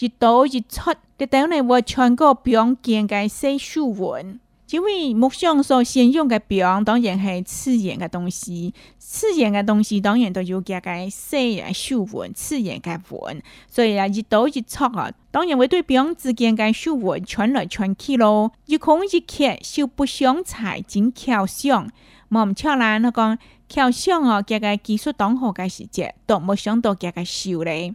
一刀一鑿，就等你話穿過枋間嘅細樹紋，因為木匠所形容的枋當然是刺眼的東西，刺眼的東西當然都有加個細嘅樹紋，刺眼嘅紋，所以啊，一刀一鑿啊，當然會對枋之間嘅樹紋穿來穿去咯，一空一缺，手不傷材真巧匠，望唔敲爛佢講巧匠啊，加個技術當好嘅時節，都冇想到加個笑咧。